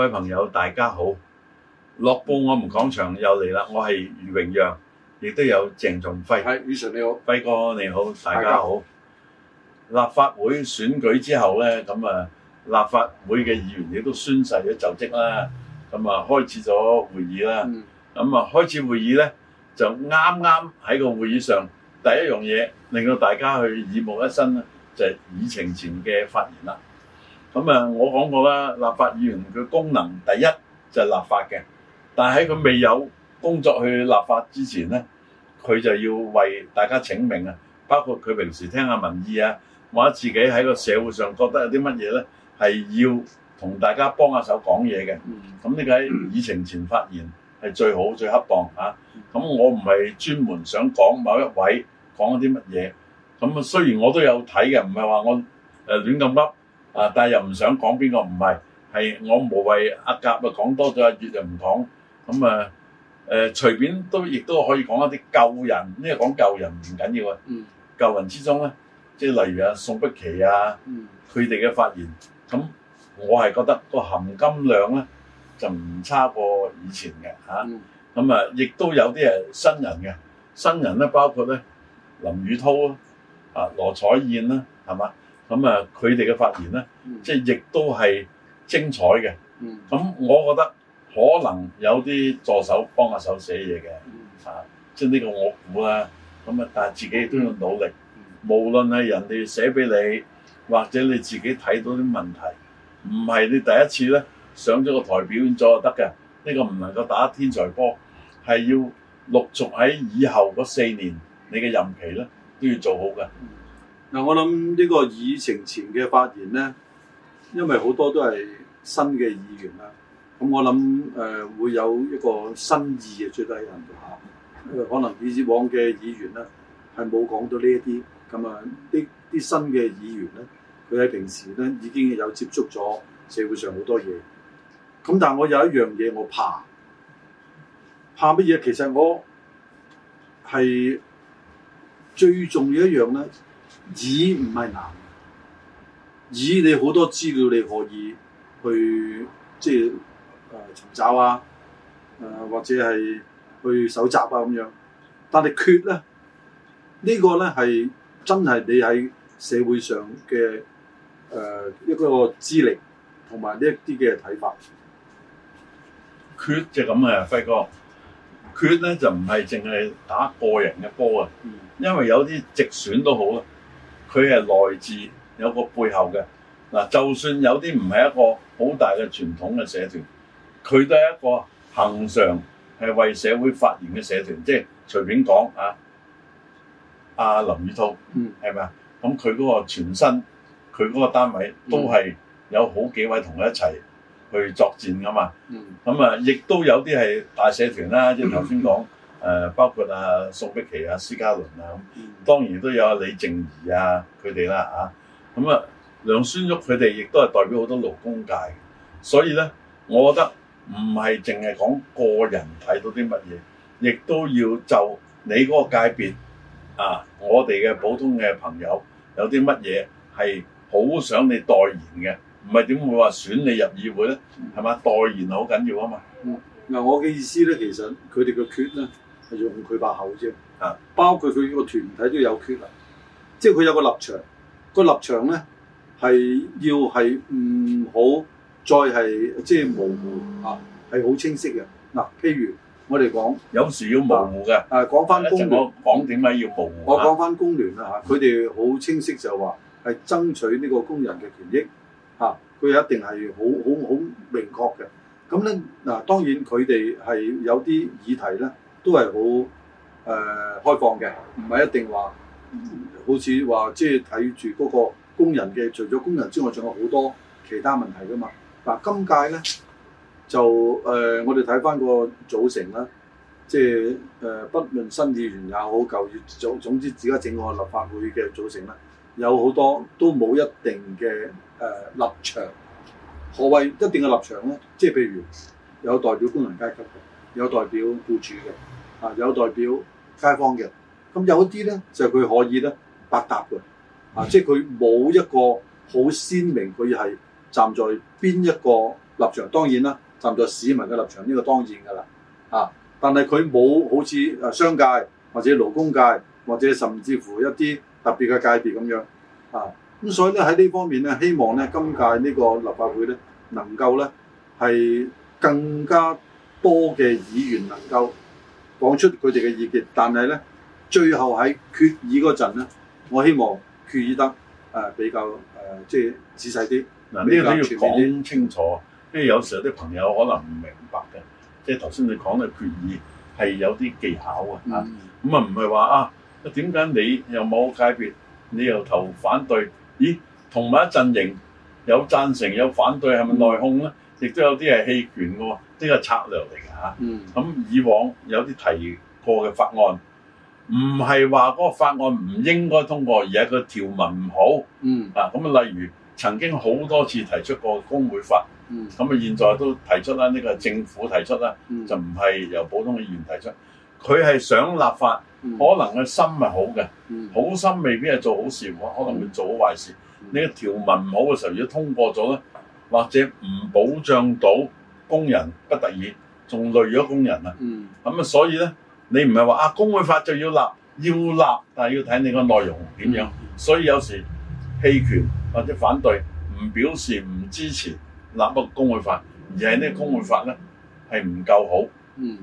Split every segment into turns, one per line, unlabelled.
各位朋友，大家好！樂報我們講場又嚟啦，我係余榮陽，亦都有鄭仲輝。係宇晨你好，輝 哥你好，大家好！ 立法會選舉之後咧，咁啊，立法會嘅議員亦都宣誓咗就職啦，咁啊，開始咗會議啦。咁啊， 開始會議咧，就啱啱喺個會議上第一樣嘢令到大家去耳目一新咧，就係、是、議程前嘅發言啦。咁啊，我講過啦，立法議員佢功能第一就係、是、立法嘅。但係喺佢未有工作去立法之前呢，佢就要為大家請命啊！包括佢平時聽下民意啊，或者自己喺個社會上覺得有啲乜嘢呢，係要同大家幫下手講嘢嘅。咁、嗯、你解議程前發言係最好最恰當啊？咁我唔係專門想講某一位講咗啲乜嘢。咁啊，雖然我都有睇嘅，唔係話我誒亂咁噏。呃啊！但係又唔想講邊個唔係，係我無謂阿甲咪講多咗，阿月就唔講，咁啊誒隨便都亦都可以講一啲舊人，呢個講舊人唔緊要啊。嗯，舊人之中咧，即係例如阿宋碧琪啊，嗯，佢哋嘅發言，咁我係覺得個含金量咧就唔差過以前嘅嚇。咁啊，亦都有啲係新人嘅，新人咧包括咧林宇滔啊，啊羅彩燕啦，係嘛？咁啊，佢哋嘅發言咧，即係亦都係精彩嘅。咁我覺得可能有啲助手幫下手寫嘢嘅，即係呢個我估啦。咁啊，但係自己都要努力。無論係人哋寫俾你，或者你自己睇到啲問題，唔係你第一次咧上咗個台表演咗就得嘅。呢個唔能夠打天才波，係要陸續喺以後嗰四年你嘅任
期咧都要做好嘅。嗱，我諗呢個議程前嘅發言咧，因為好多都係新嘅議員啦，咁我諗誒、呃、會有一個新意嘅最低限度嚇。可能以往嘅議員咧係冇講到呢一啲，咁啊啲啲新嘅議員咧，佢喺平時咧已經有接觸咗社會上好多嘢。咁但係我有一樣嘢我怕，怕乜嘢？其實我係最重要的一樣咧。以唔係難，以你好多資料你可以去即係、呃、尋找啊，呃、或者係去搜集啊咁樣。但係、這個、呢你缺咧，呢個咧係真係你喺社會上嘅、呃、一個資歷同埋一啲嘅睇法。缺
就咁嘅，輝哥。缺咧就唔係淨係打個人嘅波啊，因為有啲直選都好啊。佢係來自有個背後嘅嗱，就算有啲唔係一個好大嘅傳統嘅社團，佢都係一個恒常係為社會發言嘅社團。即係隨便講啊，阿林宇滔，嗯，係咪啊？咁佢嗰個前身，佢嗰個單位都係有好幾位同佢一齊去作戰噶嘛。咁啊、嗯，亦都有啲係大社團啦，即係頭先講。嗯誒、呃、包括啊宋碧琪啊施家倫啊咁，當然都有啊李靜儀啊佢哋啦嚇，咁啊，啊，啊梁孫旭佢哋亦都係代表好多勞工界，所以咧，我覺得唔係淨係講個人睇到啲乜嘢，亦都要就你嗰個界別啊，我哋嘅普通嘅朋友有啲乜嘢係好想你代言嘅，唔係點會話選你入議會咧？係嘛，代言好緊要啊嘛。嗱、
嗯、我嘅意思咧，其實佢哋個決咧。係用佢把口啫，啊，包括佢呢個團體都有權力，即係佢有個立場，個立場咧係要係唔、嗯、好再係即係模糊、嗯、啊，係好清晰嘅。嗱、啊，譬如我哋講，有時要模糊嘅、啊啊，啊，講翻工聯講點解要模糊？我講翻工聯啦嚇，佢哋好清晰就話係爭取呢個工人嘅權益，佢、啊、一定係好好好明確嘅。咁咧嗱，當然佢哋係有啲議題咧。都係好誒開放嘅，唔係一定話好似話即係睇住嗰個工人嘅，除咗工人之外，仲有好多其他問題噶嘛。嗱，今屆咧就誒、呃，我哋睇翻個組成啦，即係誒，不論新議員也好舊議員也好總之，而家整個立法會嘅組成咧，有好多都冇一定嘅誒、呃、立場，何謂一定嘅立場咧？即係譬如有代表工人階級嘅。有代表僱主嘅，啊有代表街坊嘅，咁有啲咧就佢、是、可以咧百搭嘅，啊即係佢冇一個好鮮明，佢係站在邊一個立場。當然啦，站在市民嘅立場呢、這個當然㗎啦，啊，但係佢冇好似誒商界或者勞工界或者甚至乎一啲特別嘅界別咁樣，啊咁所以咧喺呢方面咧，希望咧今屆呢個立法會咧能夠咧係更加多嘅議員能夠講出佢哋嘅意見，但係咧，最後喺決議嗰陣咧，我希望決議得誒比較誒、呃、即係仔細啲。嗱、啊，呢個你要講清楚，因為有時候啲朋友可能唔明白嘅，即係
頭先你講嘅決議係有啲技巧、嗯、啊，嚇，咁啊唔係話啊，點解你又冇界別，你又投反對？咦，同埋一陣營有贊成有反對，係咪內訌咧？亦都、嗯、有啲係棄權嘅喎。呢個策略嚟㗎嚇，咁、嗯、以往有啲提過嘅法案，唔係話嗰個法案唔應該通過，而係個條文唔好。嗯啊，咁啊，例如曾經好多次提出過工會法，咁啊、嗯，現在都提出啦，呢、嗯、個政府提出啦，嗯、就唔係由普通嘅議員提出，佢係想立法，嗯、可能個心係好嘅，嗯、好心未必係做好事，可能會做好壞事。呢、嗯、個條文唔好嘅時候，如果通過咗咧，或者唔保障到。工人不得已仲累咗工人啦。咁、嗯、啊，所以咧，你唔係話啊工會法就要立，要立，但係要睇你個內容點樣。嗯、所以有時棄權或者反對，唔表示唔支持立個工會法，而係咧工會法咧係唔夠好。
嗯，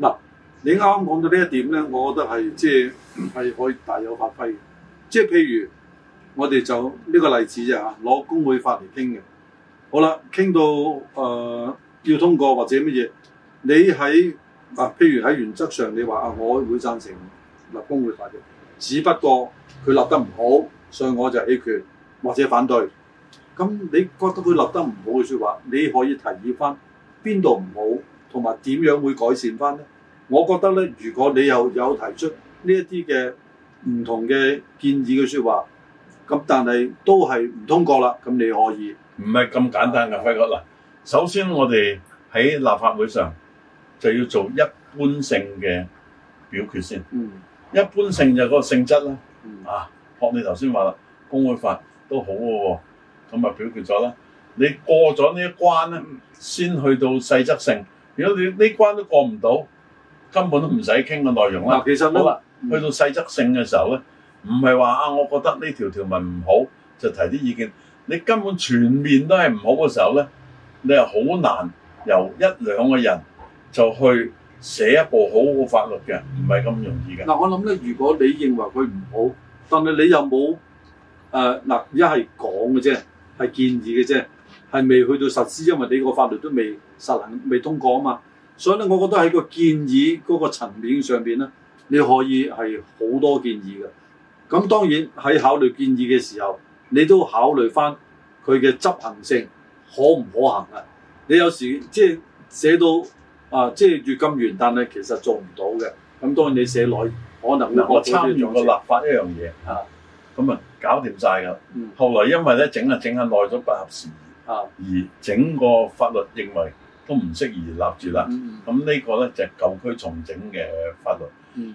嗱、啊，你啱啱講到呢一點咧，我覺得係即係係可以大有發揮嘅。即係譬如我哋就呢、這個例子就攞工會法嚟傾嘅。好啦，傾到誒。呃要通過或者乜嘢？你喺啊，譬如喺原則上，你話啊，我會贊成立功會法例，只不過佢立得唔好，所以我就棄權或者反對。咁你覺得佢立得唔好嘅說話，你可以提議翻邊度唔好，同埋點樣會改善翻呢？我覺得咧，如果你又有提出呢一啲嘅唔同嘅建議嘅說話，咁但係都係唔通過啦。咁你可
以唔係咁簡單㗎。輝哥嗱。啊首先我哋喺立法會上就要做一般性嘅表決先。嗯，一般性就嗰個性質啦。嗯、啊，學你頭先話啦，公會法都好喎、哦，咁咪表決咗啦。你過咗呢一關咧，嗯、先去到細則性。如果你呢關都過唔到，根本都唔使傾個內容啦。其實好啦。嗯、去到細則性嘅時候咧，唔係話啊，我覺得呢條條文唔好就提啲意見。你根本全面都係唔好嘅時候咧。你係好難由一兩個人就
去寫一部好好法律嘅，唔係咁容易嘅。嗱，我諗咧，如果你認為佢唔好，但係你又冇誒嗱，一係講嘅啫，係建議嘅啫，係未去到實施，因為你個法律都未實行、未通過啊嘛。所以咧，我覺得喺個建議嗰個層面上邊咧，你可以係好多建議嘅。咁當然喺考慮建議嘅時候，你都考慮翻佢嘅執行性。可唔可行啊？你有時即係寫到啊，即係月金元旦咧，其實做唔到嘅。咁當然你寫耐可能啦。我參與個立
法一樣嘢咁啊，搞掂晒噶。嗯、後來因為咧整啊整下耐咗不合時宜，啊、而整個法律認為都唔適宜立住啦。咁、嗯嗯、呢個咧就係、舊區重整嘅法律。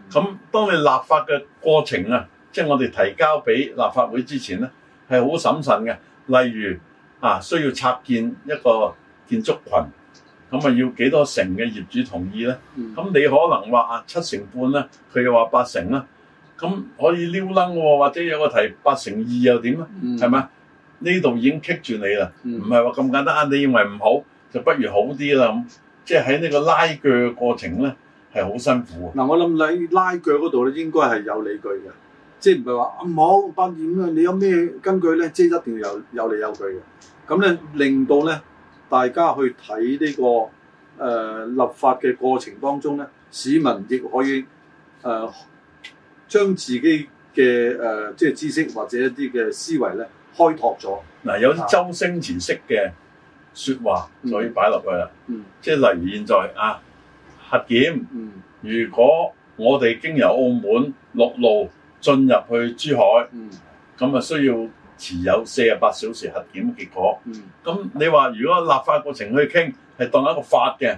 咁、嗯、當你立法嘅過程咧、啊，即、就、係、係、我哋提交俾立法會之前咧，係好審慎嘅。例如。啊，需要拆建一個建築群，咁啊要幾多成嘅業主同意咧？咁、嗯、你可能話七成半咧，佢又話八成啦，咁可以撩楞喎，或者有個提八成二又點咧？係咪、嗯？呢度已經棘住你啦，唔係話咁簡單。你認為唔好，就不如好啲啦咁，即係喺呢個拉鋸嘅過程咧係好辛苦。嗱、啊，我
諗你拉鋸嗰度咧，應該係有理據嘅。即係唔係話唔好不檢啊？你有咩根據咧？即係一定要有有理有據嘅。咁咧令到咧大家去睇呢、呢個誒、呃、立法嘅過程當中咧，市民亦可以誒將、呃、自己嘅誒、呃、即係知識或者一啲嘅思維咧開拓咗嗱。有啲周星馳式嘅説話就擺，所以擺落去啦。嗯，即係例如現在啊，
核檢，嗯，如果我哋經由澳門陸路。進入去珠海，咁啊需要持有四十八小時核檢結果。咁你話如果立法過程去傾，係當是一個法嘅，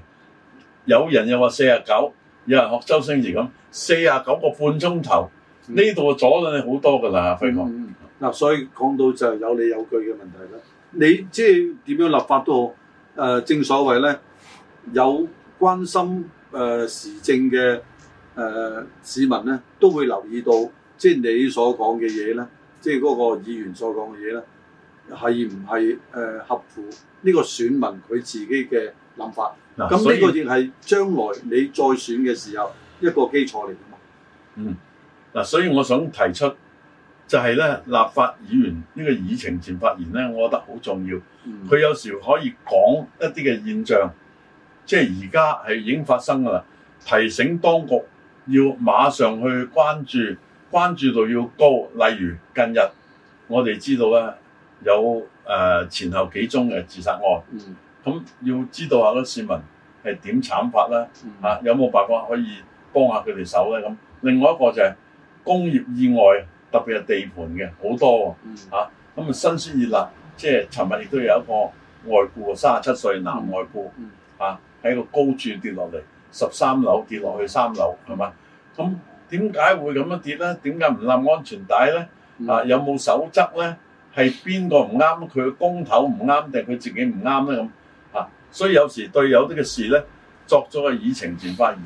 有人又話四十九，有人學周星馳咁，四十九個半鐘頭，呢度
阻咗你好多噶啦，飛航。嗱、嗯嗯，所以講到就係有理有據嘅問題啦。你即係點樣立法都好，呃、正所謂咧，有關心誒、呃、時政嘅誒、呃、市民咧，都會留意到。即係你所講嘅嘢咧，即係嗰個議員所講嘅嘢咧，係唔係誒合乎呢個選民佢自己嘅諗法？嗱，咁呢個亦係將來你再選嘅時候一個基礎嚟㗎嘛。嗯，
嗱，所以我想提出就係咧，立法議員呢個議程前發言咧，我覺得好重要。佢有時可以講一啲嘅現象，即係而家係已經發生㗎啦，提醒當局要馬上去關注。關注度要高，例如近日我哋知道咧，有誒前後幾宗嘅自殺案，咁、嗯、要知道下嗰市民係點慘法啦，嗯、有冇辦法可以幫下佢哋手咧？咁另外一個就係工業意外，特別係地盤嘅好多喎。咁啊、嗯、新鮮熱辣，即係尋日亦都有一個外雇，三十七歲男外雇，嚇喺、嗯、個高處跌落嚟，十三樓跌落去三樓，係嘛？咁點解會咁樣跌咧？點解唔冧安全帶咧？嗯、啊，有冇守則咧？係邊個唔啱？佢嘅工頭唔啱定佢自己唔啱咧咁啊？所以有時對有啲嘅事咧，作咗個議程前發言，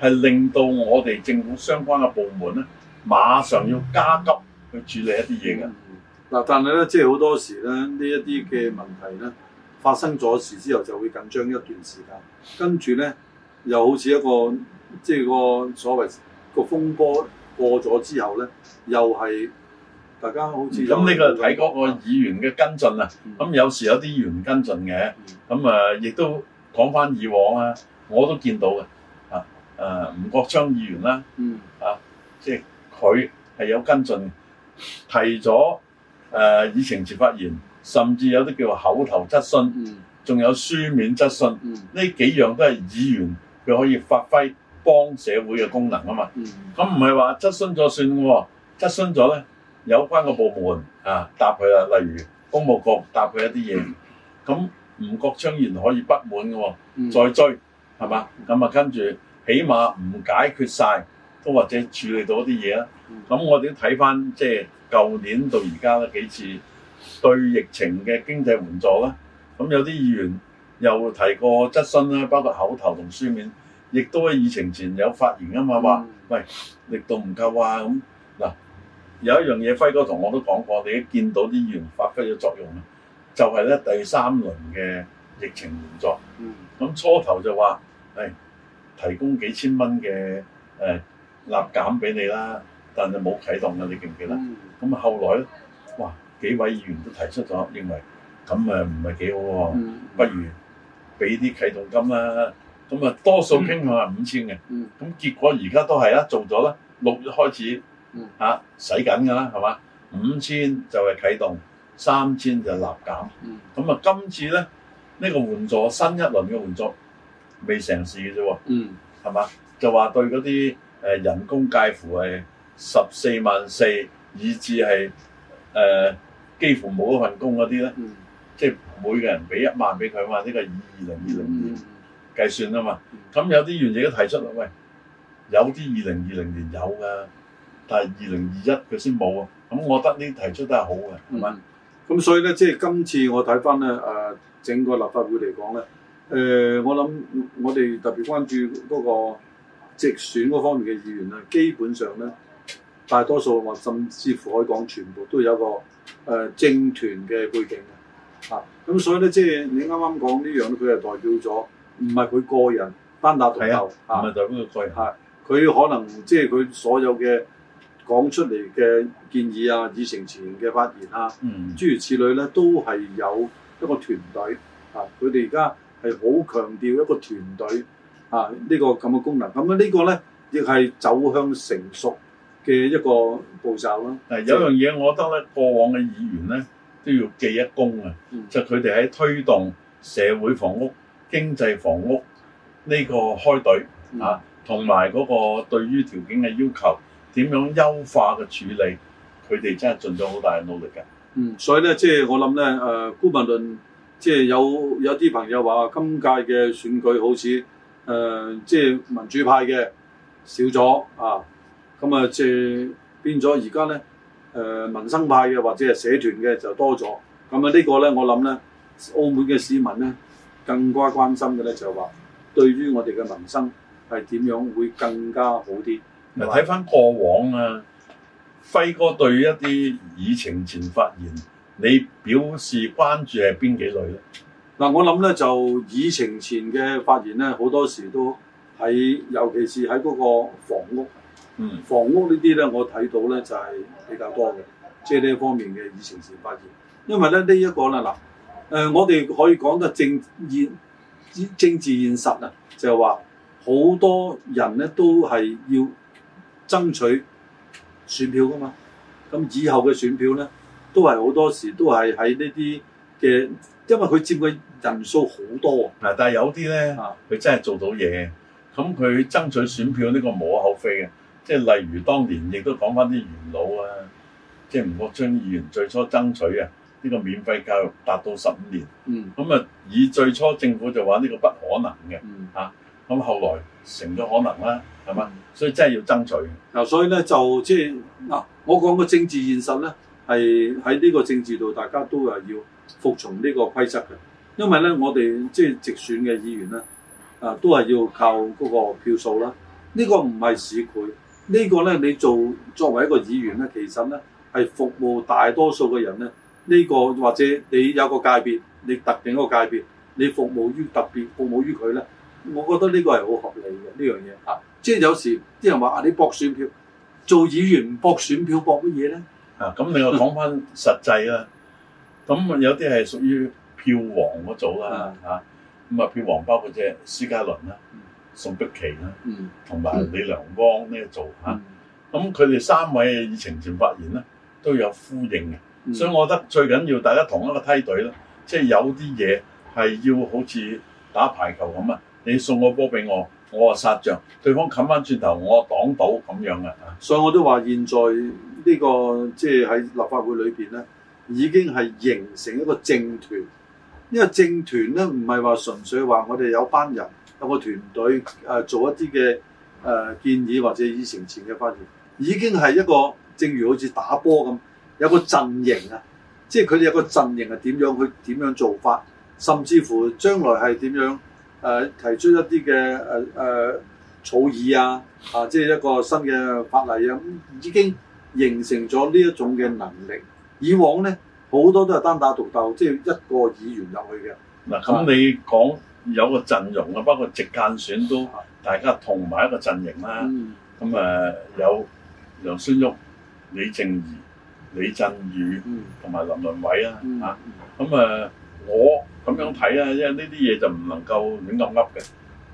係令到我哋政府相關嘅部門咧，馬上要
加急去處理一啲嘢嗱，但係咧，即係好多時咧，呢一啲嘅問題咧，嗯、發生咗事之後就會緊張一段時間，跟住咧，又好似一個即係個所謂。個風波過咗之後咧，又係大家好似咁呢個睇嗰個議員嘅跟進啊。咁、
嗯、有時有啲議員唔跟進嘅，咁啊亦都講翻以往啊，我都見到嘅啊。誒、啊、吳國昌議員啦，嗯、啊，即係佢係有跟進，提咗誒議程前發言，甚至有啲叫口頭質詢，仲、嗯、有書面質詢，呢、嗯、幾樣都係議員佢可以發揮。幫社會嘅功能啊嘛，咁唔係話質詢咗算喎，質詢咗咧，有關個部門啊答佢啦，例如公務局答佢一啲嘢，咁、嗯、吳國昌原可以不滿嘅喎，嗯、再追係嘛，咁啊跟住起碼唔解決晒，都或者處理到一啲嘢啦。咁、嗯、我哋都睇翻即係舊年到而家咧幾次對疫情嘅經濟援助啦。咁有啲議員又提過質詢啦，包括口頭同書面。亦都喺疫情前有發言啊嘛，話、嗯、喂力度唔夠啊咁，嗱有一樣嘢輝哥同我都講過，你一見到啲議員發揮咗作用啊，就係、是、咧第三輪嘅疫情援助。咁、嗯、初頭就話誒、哎、提供幾千蚊嘅誒立減俾你啦，但係冇啟動嘅，你記唔記得？咁啊、嗯、後來哇幾位議員都提出咗，認為咁誒唔係幾好，嗯、不如俾啲啟動金啦。咁啊，多數傾向係五千嘅，咁、嗯嗯、結果而家都係啦，做咗啦，六月開始嚇使、嗯啊、緊㗎啦，係嘛？五千就係啟動，三千就立減，咁啊、嗯，嗯、今次咧呢、呢個援助新一輪嘅援助未成事嘅啫，係嘛、嗯？就話對嗰啲、呃、人工介乎係十四萬四以至係誒幾乎冇份工嗰啲咧，嗯、即係每個人俾一萬俾佢嘛？呢、呢個二零二零年。嗯嗯計算啊嘛，咁有啲議員亦都提出啦，喂，有啲二零二零年有㗎，但係二零二一
佢先冇啊，咁我覺得呢提出都係好嘅，唔咁、嗯、所以咧，即係今次我睇翻咧，誒、呃、整個立法會嚟講咧，誒、呃、我諗我哋特別關注嗰個直選嗰方面嘅議員啊，基本上咧大多數或甚至乎可以講全部都有個誒、呃、政團嘅背景嘅，啊，咁所以咧即係你啱啱講呢樣佢係代表咗。唔係佢個人單打獨鬥，唔係就係嗰個個人。係佢、啊、可能即係佢所有嘅講出嚟嘅建議啊、議程前嘅發言啊，嗯、諸如此類咧，都係有一個團隊啊。佢哋而家係好強調一個團隊啊呢、呢個咁嘅功能。咁、啊、樣、這個、呢個咧亦係走向成熟嘅一個步驟咯。誒，有樣嘢我覺得咧，過往嘅議員咧都要記一功啊，嗯、就係佢
哋喺推動社會房屋。經濟房屋呢個開隊、嗯、啊，同埋嗰個對於條件嘅要求，點樣優化嘅處
理，佢哋真係盡咗好大嘅努力嘅。嗯，所以咧，即係我諗咧，誒，顧問論，即係有有啲朋友話，今屆嘅選舉好似誒，即、呃、係、即係、民主派嘅少咗啊，咁啊，即係變咗而家咧，誒，民生派嘅或者係社團嘅就多咗，咁啊，呢個咧，我諗咧，澳門嘅市民咧。更加關心嘅咧就係話，對於我哋嘅民生係點樣會更加好啲？嗱，睇翻過往
啊，
輝哥對一啲議程前發言，你表示關注係邊幾類咧？嗱、嗯，我諗咧就議程前嘅發言咧，好多時都喺，尤其是喺嗰個房屋，嗯，房屋這些呢啲咧，我睇到咧就係比較多嘅，即係呢方面嘅議程前發言，因為咧呢一個咧嗱。誒、呃，我哋可以講嘅政現政治現實啊，就係話好多人咧都係要爭取選票㗎嘛。咁以後嘅選票咧，都係好多時都係喺呢啲嘅，因為佢佔嘅人數好多嗱、啊，但係有啲咧，佢真係做到嘢，
咁佢爭取選票呢個無可厚，厚非嘅。即係例如當年亦都講返啲元老啊，即係吳國昌議員最初爭取啊。呢個免費教育達到十五年，咁啊、嗯，以最初政府就話呢個不可能嘅，嚇、嗯，咁、啊、後來
成咗可能啦，係嘛、嗯？所以真係要爭取。嗱，所以咧就即係嗱，我講個政治現實咧，係喺呢個政治度，大家都係要服從呢個規則嘅，因為咧我哋即係直選嘅議員咧，啊都係要靠嗰個票數啦。這個這個、呢個唔係市儈，呢個咧你做作為一個議員咧，其實咧係服務大多數嘅人咧。呢、這個或者你有個界別，你特定一個界別，你服務於特別服務於佢咧，我覺得呢個係好合理嘅呢樣嘢啊！即係有時啲人話你博選票，做議員唔博選票博乜嘢咧？啊，咁你又講翻實際啦，咁啊 有啲係屬於
票王嗰組啦嚇，咁 啊票王包括即係施家倫啦、嗯、宋碧琪啦、同埋李良汪呢組嚇，咁佢哋三位嘅議程前發言咧都有呼應嘅。所以，我覺得最緊要大家同一個梯隊咯，即係有啲嘢係要好似打排球咁啊！你送個波俾我，我啊
殺仗，對方冚翻轉頭，我擋到咁樣嘅。所以我都話，現在呢個即係喺立法會裏邊咧，已經係形成一個政團，因為政團咧唔係話純粹話我哋有班人有個團隊誒做一啲嘅誒建議或者議程前嘅發言，已經係一個正如好似打波咁。有個陣營啊，即係佢哋有個陣營係點樣去點樣做法，甚至乎將來係點樣誒、呃、提出一啲嘅誒誒草議啊啊！即係一個新嘅法例啊，已經形成咗呢一種嘅能力。以往咧好多都係單打獨鬥，即、就、係、是、一個議員入去嘅。嗱咁你講有個陣容啊，包括直間選都大
家同埋一個陣營啦。咁誒、嗯、有梁孫旭、李靜怡。李振宇同埋林倫偉啦，嚇咁誒，我咁樣睇咧，因為呢啲嘢就唔能夠亂噏噏嘅。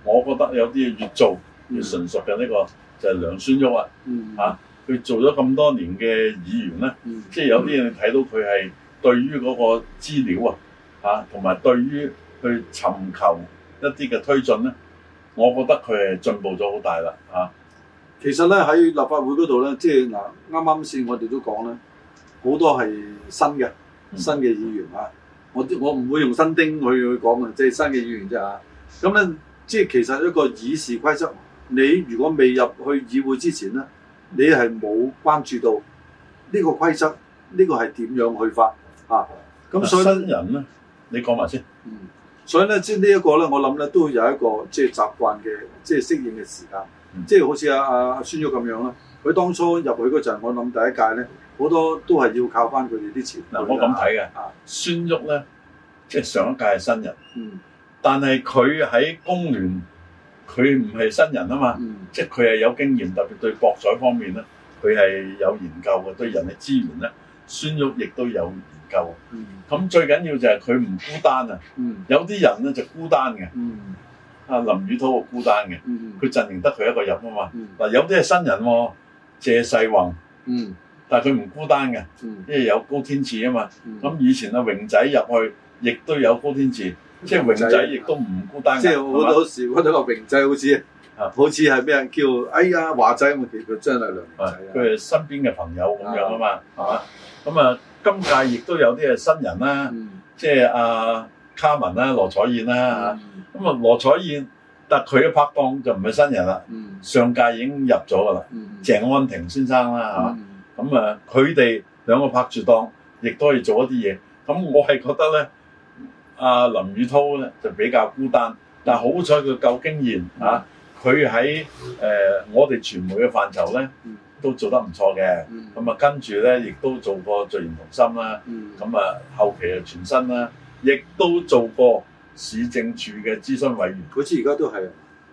我覺得有啲嘢越做越純熟嘅呢、嗯、個就係梁孫旭啦，嚇佢、嗯嗯啊、做咗咁多年嘅議員咧，即係、嗯嗯、有啲嘢你睇到佢係對於嗰個資料啊嚇，同埋對於去尋求一啲嘅推進咧，我覺得佢係進步咗好大啦
嚇。啊、其實咧喺立法會嗰度咧，即係嗱啱啱先我哋都講咧。.好多係新嘅新嘅議員啊、嗯！我我唔會用新丁去去講嘅，即係新嘅議員啫嚇。咁咧，即係其實一個議事規則，你如果未入去議會之前咧，你係冇關注到呢個規則，呢、呢個係點樣去發啊？咁所以新人咧，你講埋先。嗯，所以咧，即係呢一個咧，我諗咧，都會有一個即係習，習慣嘅，即係適應嘅時間、嗯、即係好似阿阿孫玉咁樣啦，佢當初入去嗰陣，我諗第一屆咧。好多都係要靠翻佢哋啲錢。嗱，我咁睇嘅。
孫旭咧，即係上一屆係新人。嗯。但係佢喺工聯，佢唔係新人啊嘛。嗯。即係佢係有經驗，特別對博彩方面咧，佢係有研究嘅。對人力資源咧，孫旭亦都有研究。咁最緊要就係佢唔孤單啊。嗯。有啲人咧就孤單嘅。嗯。阿林宇滔孤單嘅。嗯嗯。佢陣營得佢一個人啊嘛。嗱，有啲係新人喎，謝世宏。嗯。但係佢唔孤單嘅，因為有高天賜啊嘛。咁以前阿榮仔入去，亦都有高天賜，即係榮仔亦都唔孤單嘅，係嘛？即係好多時
揾到個榮仔，好似啊，好似係咩叫，哎呀，華仔咁樣叫張大良，佢係身邊嘅朋友咁樣啊嘛，
係嘛？咁啊今屆亦都有啲係新
人啦，即係阿
卡文啦、羅彩燕啦嚇。咁啊羅彩燕，但佢嘅拍檔就唔係新人啦。上屆已經入咗㗎啦，鄭安婷先生啦嚇。咁啊，佢哋兩個拍住檔，亦都可以做一啲嘢。咁我係覺得咧，阿林宇滔咧就比較孤單，但好彩佢夠經驗啊。佢喺誒我哋傳媒嘅範疇咧，嗯、都做得唔錯嘅。咁啊、嗯，跟住咧亦都做過聚賢同心啦。咁、嗯、啊，後期啊全新啦，亦都做過市政署嘅諮詢委員。好似而家都係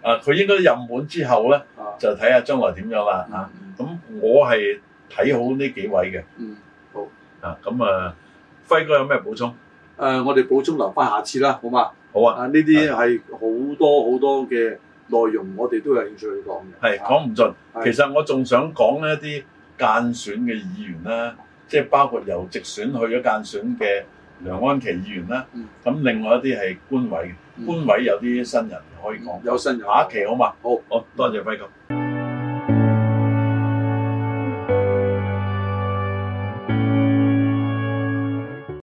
啊，佢應該任滿之後咧，就睇下將來點樣啦嚇。咁我係睇好呢幾
位嘅，嗯，好，啊，咁啊，輝哥有咩補充？誒、呃，我哋補充留翻下次啦，好嘛？好啊，呢啲係好多好的多嘅內容，我哋都有興趣去講嘅，係講唔盡。的其實我仲想講一啲間選嘅議
員啦，即、就、係、是、包括由直選去咗間選嘅梁安琪議員啦，咁、嗯、另外一啲係官位，嗯、官委有啲新人可以講、嗯，有新人，下期好嘛？好嗎？好，好，多謝輝哥。